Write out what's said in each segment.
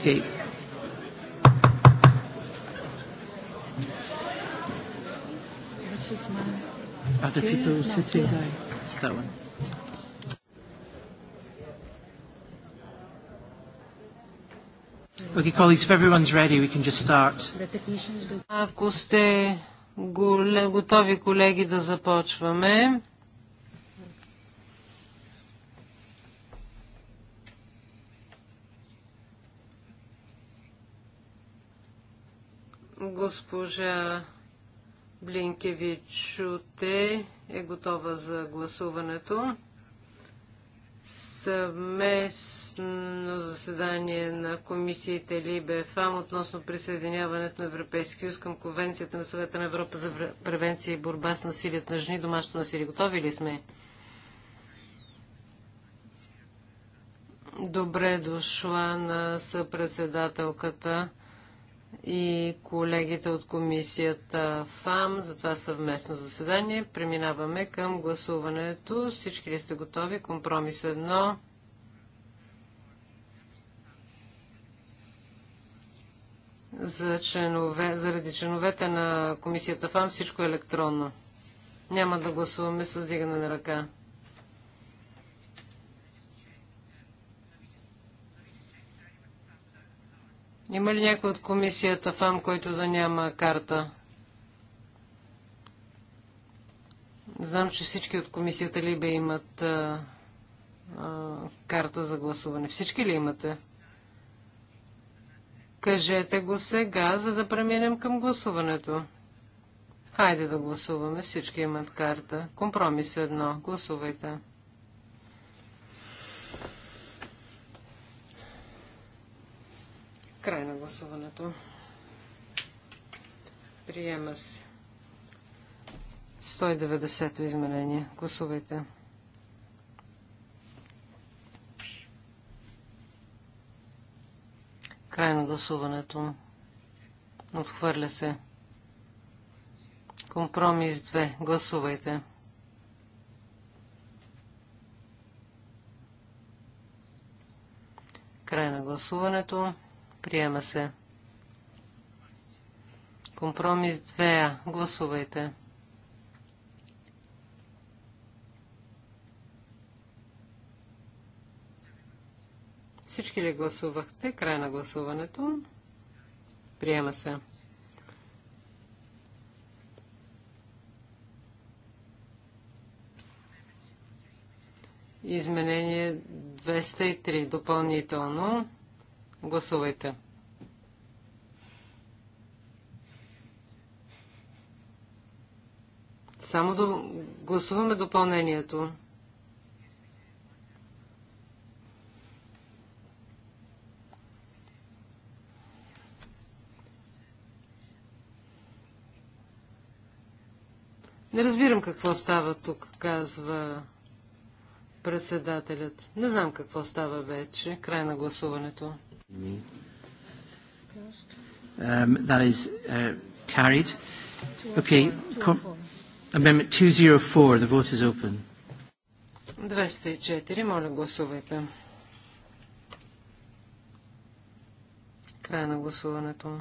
Okay. Other people sitting there. It's that one. Okay, colleagues, if everyone's ready, we can just start. Ако сте готови, колеги, да започваме. Госпожа Блинкевичуте е готова за гласуването. Съвместно заседание на комисиите ЛИБЕФАМ относно присъединяването на Европейския съюз към Конвенцията на Съвета на Европа за превенция и борба с насилието на жени, домашно насилие. Готови ли сме? Добре дошла на съпредседателката и колегите от комисията ФАМ за това съвместно заседание. Преминаваме към гласуването. Всички ли сте готови? Компромис едно. За членове, заради членовете на комисията ФАМ всичко е електронно. Няма да гласуваме с дигане на ръка. Има ли някой от комисията ФАМ, който да няма карта? Знам, че всички от комисията Либе имат а, а, карта за гласуване. Всички ли имате? Кажете го сега, за да преминем към гласуването. Хайде да гласуваме. Всички имат карта. Компромис едно. Гласувайте. Край на гласуването. Приема се. 190-то изменение. Гласувайте. Край на гласуването. Отхвърля се. Компромис 2. Гласувайте. Край на гласуването. Приема се. Компромис 2. Гласувайте. Всички ли гласувахте? Край на гласуването. Приема се. Изменение 203 допълнително. Гласувайте. Само да гласуваме допълнението. Не разбирам какво става тук, казва председателят. Не знам какво става вече. Край на гласуването. Um, that is uh, carried. Okay, Com amendment 204, the vote is open. 204, моля гласувайте. Край на гласуването.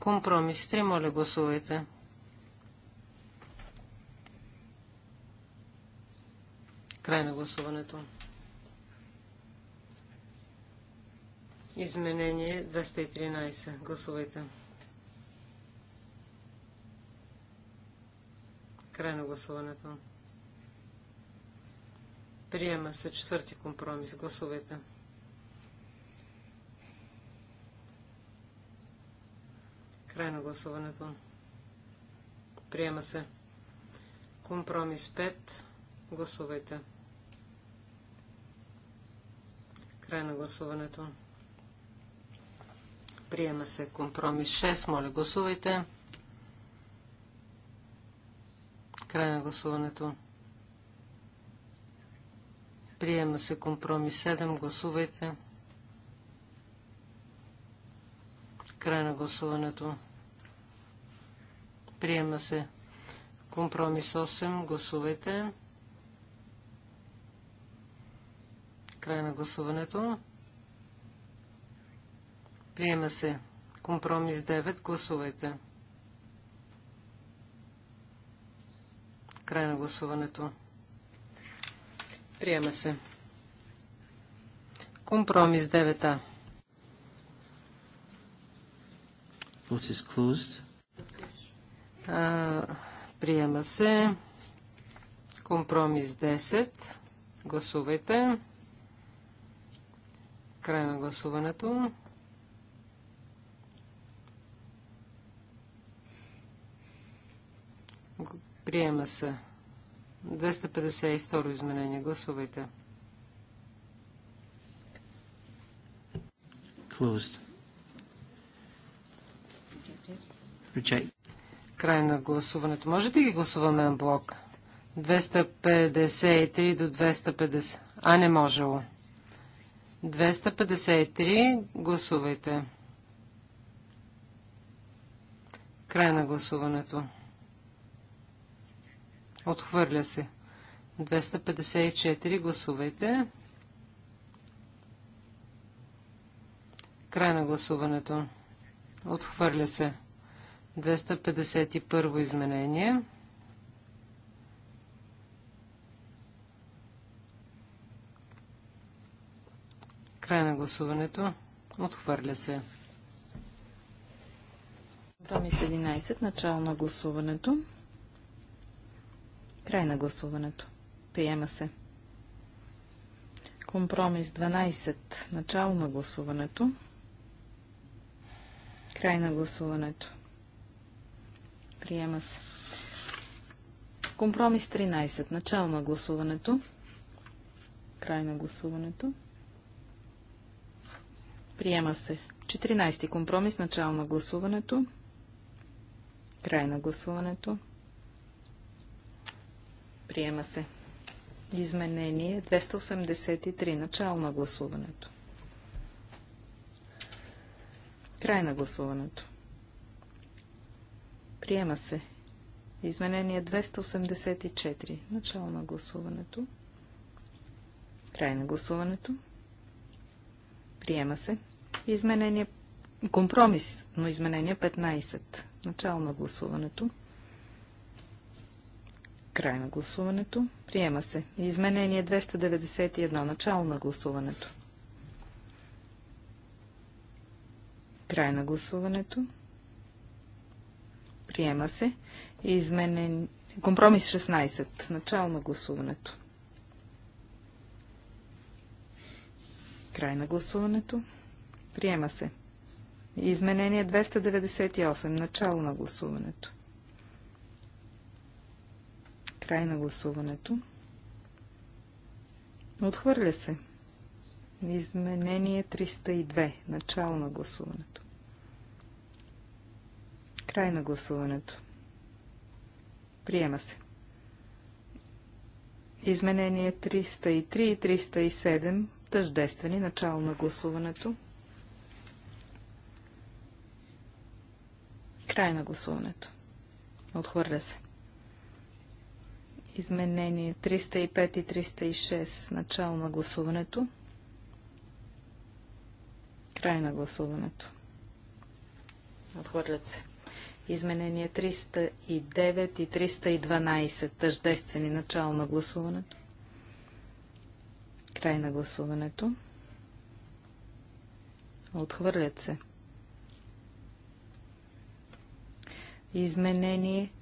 Компромис 3, моля гласувайте. Край на гласуването. Изменение 213. Гласувайте. Край на гласуването. Приема се четвърти компромис. Гласувайте. Край на гласуването. Приема се. Компромис 5. Гласувайте. Край на гласуването. Приема се компромис 6. Моля, гласувайте. Край на гласуването. Приема се компромис 7. Гласувайте. Край на гласуването. Приема се компромис 8. Гласувайте. Край на гласуването. Приема се. Компромис 9. Гласувайте. Край на гласуването. Приема се. Компромис 9А. А, приема се. Компромис 10. Гласувайте. Край на гласуването. Приема се. 252 изменение. Гласувайте. Closed. Reject. Край на гласуването. Може да ги гласуваме на блок? 253 до 250. А не можело. 253. Гласувайте. Край на гласуването. Отхвърля се. 254. Гласувайте. Край на гласуването. Отхвърля се. 251 изменение. Край на гласуването. Отхвърля се. Компромис 11. Начало на гласуването. Край на гласуването. Приема се. Компромис 12. Начало на гласуването. Край на гласуването. Приема се. Компромис 13. Начало на гласуването. Край на гласуването. Приема се. 14. Компромис. Начало на гласуването. Край на гласуването. Приема се. Изменение 283. Начало на гласуването. Край на гласуването. Приема се. Изменение 284. Начало на гласуването. Край на гласуването. Приема се. Изменение компромис, но изменение 15. Начало на гласуването. Край на гласуването. Приема се. Изменение 291. Начало на гласуването. Край на гласуването. Приема се. Изменен... Компромис 16. Начало на гласуването. Край на гласуването. Приема се. Изменение 298. Начало на гласуването. Край на гласуването. Отхвърля се. Изменение 302. Начало на гласуването. Край на гласуването. Приема се. Изменение 303 и 307. Тъждествени. Начало на гласуването. Край на гласуването. Отхвърля се. Изменение 305 и 306. Начало на гласуването. Край на гласуването. Отхвърлят се. Изменение 309 и 312. Тъждествени. Начало на гласуването. Край на гласуването. Отхвърлят се. Изменение 313.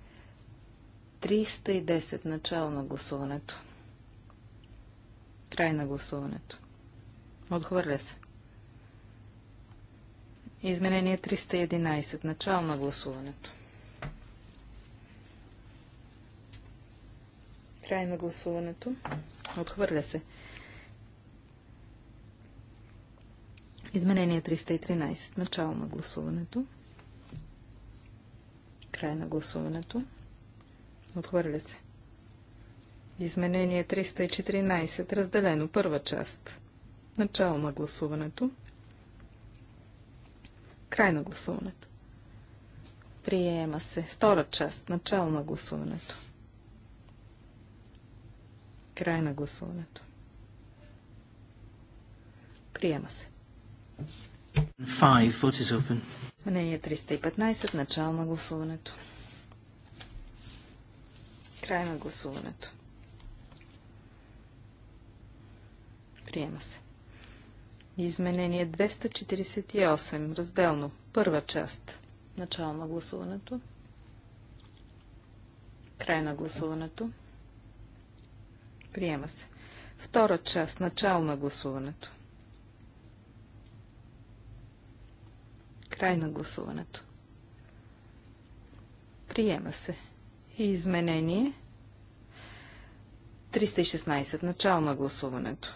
310. Начало на гласуването. Край на гласуването. Отхвърля се. Изменение 311. Начало на гласуването. Край на гласуването. Отхвърля се. Изменение 313. Начало на гласуването. Край на гласуването. Отхвърля се. Изменение 314. Разделено. Първа част. Начало на гласуването. Край на гласуването. Приема се. Втора част. Начало на гласуването. Край на гласуването. Приема се. 5. What is open? Мнение 315. Начало на гласуването. Край на гласуването. Приема се. Изменение 248. Разделно. Първа част. Начало на гласуването. Край на гласуването. Приема се. Втора част. Начало на гласуването. Край на гласуването. Приема се. И изменение 316. Начало на гласуването.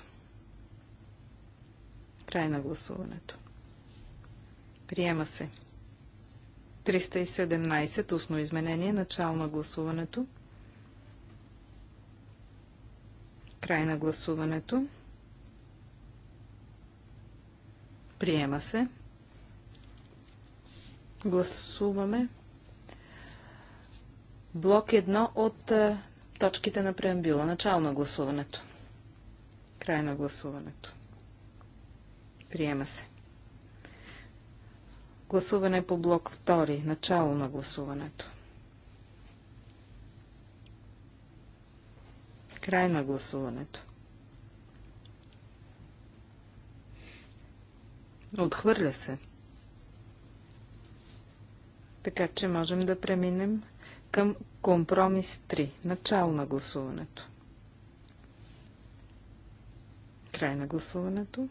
Край на гласуването. Приема се. 317. Устно изменение. Начало на гласуването. Край на гласуването. Приема се. Гласуваме. Блок 1 от е, точките на преамбюла. Начало на гласуването. Край на гласуването. Приема се. Гласуване по блок 2. Начало на гласуването. Край на гласуването. Отхвърля се. Така че можем да преминем към компромис 3. Начало на гласуването. Край на гласуването.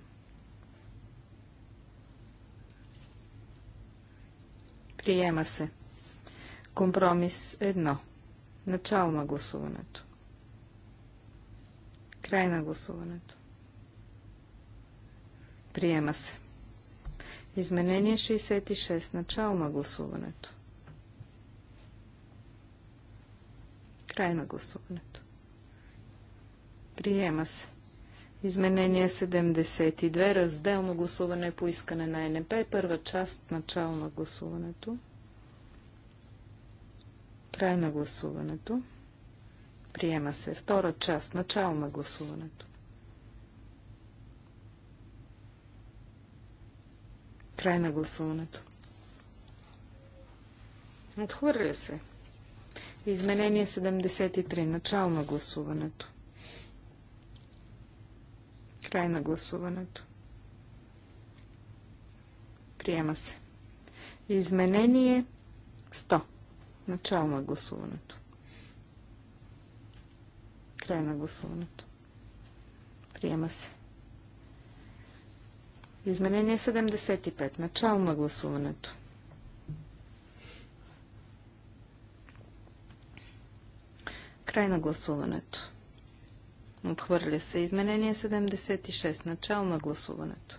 Приема се. Компромис 1. Начало на гласуването. Край на гласуването. Приема се. Изменение 66. Начало на гласуването. Край на гласуването. Приема се. Изменение 72. Разделно гласуване по искане на НП. Първа част. Начало на гласуването. Край на гласуването. Приема се. Втора част. Начало на гласуването. Край на гласуването. Отхвърля се. Изменение 73. Начало на гласуването. Край на гласуването. Приема се. Изменение 100. Начало на гласуването. Край на гласуването. Приема се. Изменение 75. Начало на гласуването. Край на гласуването. Отхвърля се изменение 76. Начало на гласуването.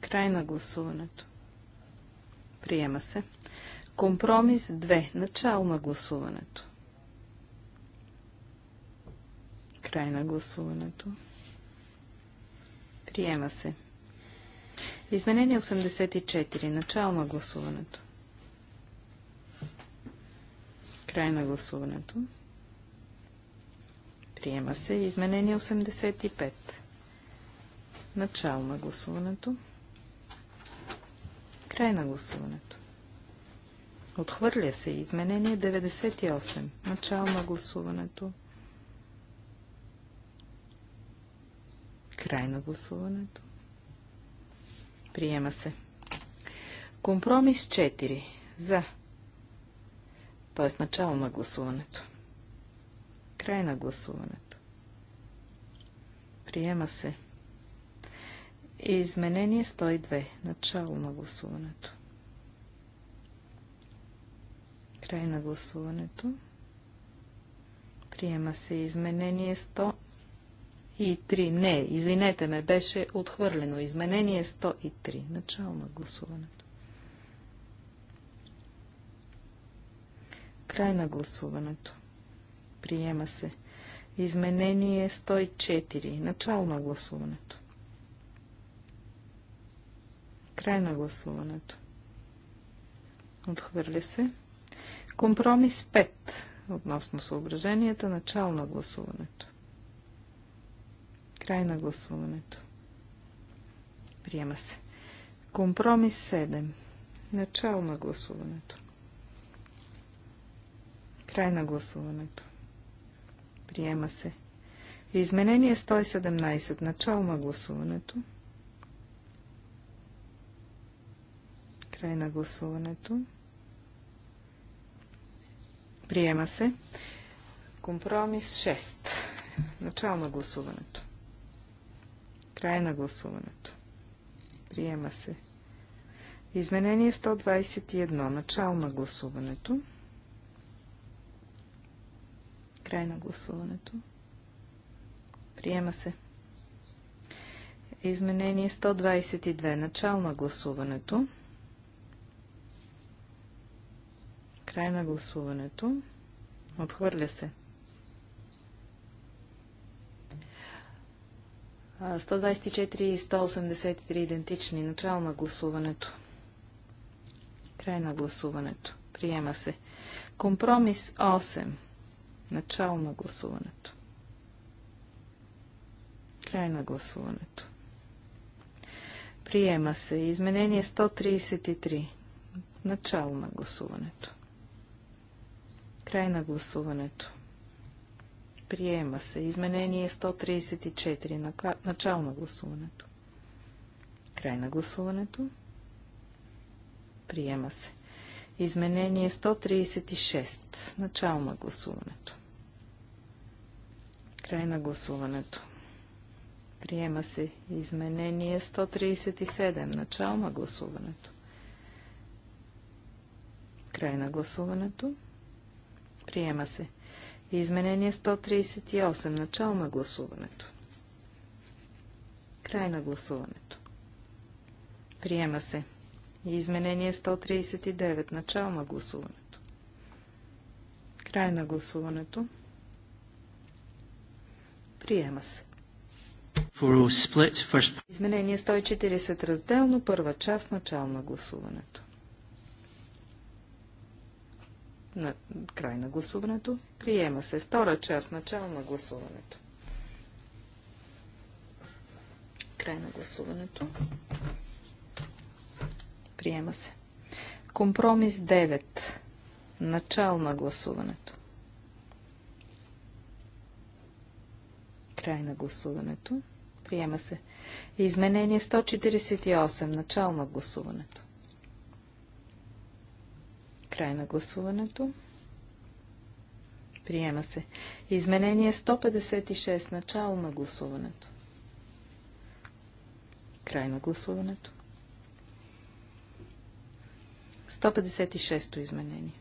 Край на гласуването. Приема се. Компромис 2. Начало на гласуването. Край на гласуването. Приема се. Изменение 84. Начало на гласуването. Край на гласуването. Приема се изменение 85. Начало на гласуването. Край на гласуването. Отхвърля се изменение 98. Начало на гласуването. Край на гласуването. Приема се. Компромис 4. За т.е. начало на гласуването. Край на гласуването. Приема се. Изменение 102. Начало на гласуването. Край на гласуването. Приема се изменение 103. Не, извинете ме, беше отхвърлено. Изменение 103. Начало на гласуването. Край на гласуването. Приема се. Изменение 104. Начало на гласуването. Край на гласуването. Отхвърля се. Компромис 5 относно съображенията. Начало на гласуването. Край на гласуването. Приема се. Компромис 7. Начало на гласуването. Край на гласуването. Приема се. Изменение 117. Начало на гласуването. Край на гласуването. Приема се. Компромис 6. Начало на гласуването. Край на гласуването. Приема се. Изменение 121. Начало на гласуването. Край на гласуването. Приема се. Изменение 122. Начало на гласуването. Край на гласуването. Отхвърля се. 124 и 183 идентични. Начало на гласуването. Край на гласуването. Приема се. Компромис 8. Начало на гласуването. Край на гласуването. Приема се. Изменение 133. Начало на гласуването. Край на гласуването. Приема се. Изменение 134. Начало на гласуването. Край на гласуването. Приема се. Изменение 136. Начало на гласуването. Край на гласуването. Приема се изменение 137. Начало на гласуването. Край на гласуването. Приема се. Изменение 138. Начало на гласуването. Край на гласуването. Приема се. Изменение 139. Начало на гласуването. Край на гласуването. Приема се. Изменение 140 разделно, първа част, начало на гласуването. На край на гласуването. Приема се втора част, начало на гласуването. Край на гласуването. Приема се. Компромис 9. Начало на гласуването. Край на гласуването. Приема се. Изменение 148. Начало на гласуването. Край на гласуването. Приема се. Изменение 156. Начало на гласуването. Край на гласуването. 156-то изменение.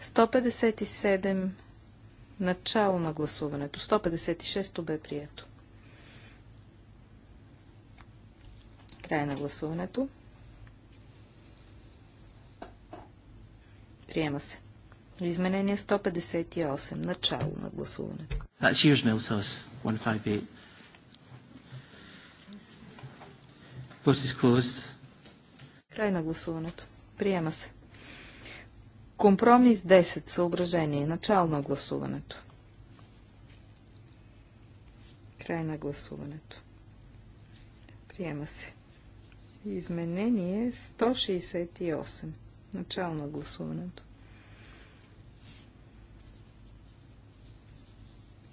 157 начало на гласуването. 156-то бе прието. Край на гласуването. Приема се. Изменение 158. Начало на гласуването. That's yours, 158. is closed. Край на гласуването. Приема се. Компромис 10. Съображение. Начало на гласуването. Край на гласуването. Приема се. Изменение 168. Начало на гласуването.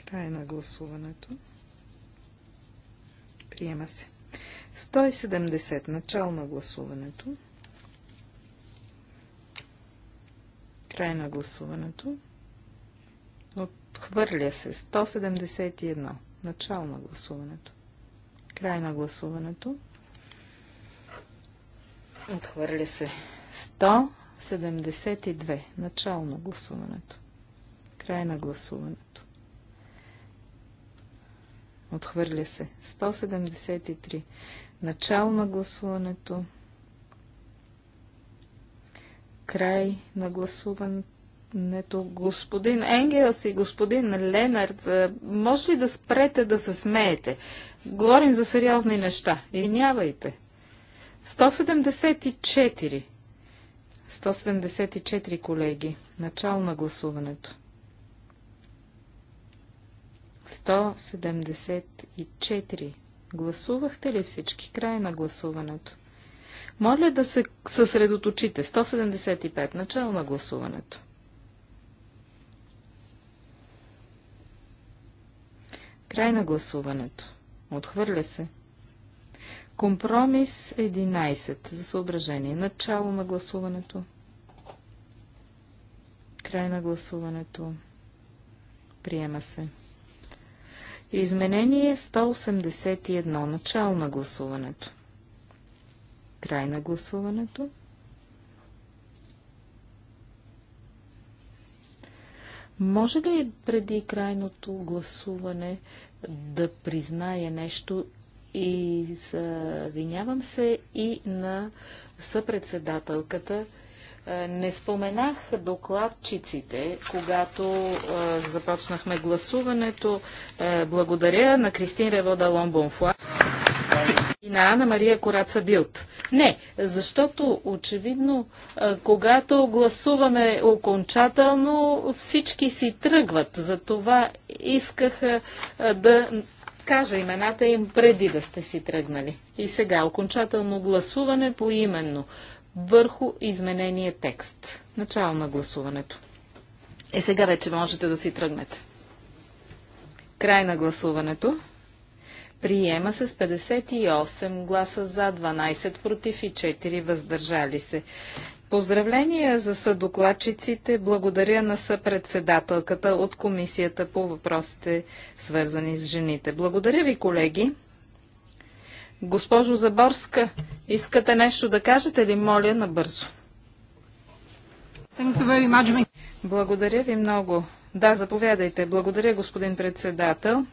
Край на гласуването. Приема се. 170. Начало на гласуването. Край на гласуването. Отхвърля се. 171. Начало на гласуването. Край на гласуването. Отхвърля се. 172. Начало на гласуването. Край на гласуването. Отхвърля се. 173. Начало на гласуването. Край на гласуването. Господин Енгелс и господин Ленард, може ли да спрете да се смеете? Говорим за сериозни неща. Извинявайте. 174. 174 колеги. Начало на гласуването. 174. Гласувахте ли всички? Край на гласуването. Моля да се съсредоточите. 175. Начало на гласуването. Край на гласуването. Отхвърля се. Компромис 11 за съображение. Начало на гласуването. Край на гласуването. Приема се. Изменение 181. Начало на гласуването. Край на гласуването. Може ли преди крайното гласуване да призная нещо и завинявам се и на съпредседателката, е, не споменах докладчиците, когато е, започнахме гласуването. Е, благодаря на Кристин Ревода Ломбонфуа и на Ана Мария Кораца Билт. Не, защото очевидно, е, когато гласуваме окончателно, всички си тръгват. Затова исках е, да кажа имената им преди да сте си тръгнали. И сега окончателно гласуване по именно върху изменения текст. Начало на гласуването. Е, сега вече можете да си тръгнете. Край на гласуването. Приема се с 58 гласа за, 12 против и 4 въздържали се. Поздравления за съдокладчиците. Благодаря на съпредседателката от Комисията по въпросите свързани с жените. Благодаря ви, колеги. Госпожо Заборска, искате нещо да кажете ли, моля, набързо? Благодаря ви много. Да, заповядайте. Благодаря, господин председател.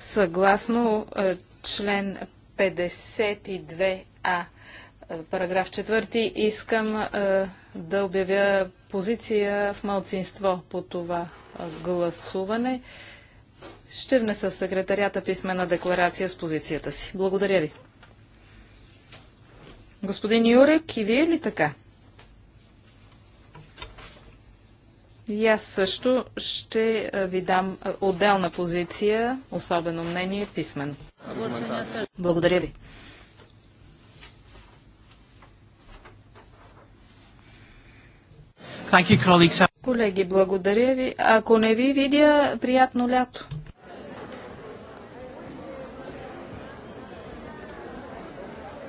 Съгласно е, член 52а, е, параграф 4, искам е, да обявя позиция в малцинство по това гласуване. Ще внеса в секретарята писмена декларация с позицията си. Благодаря ви. Господин Юрек, и вие ли така? И аз също ще ви дам отделна позиция, особено мнение, писмен. Благодаря ви. Колеги, благодаря ви. Ако не ви видя, приятно лято.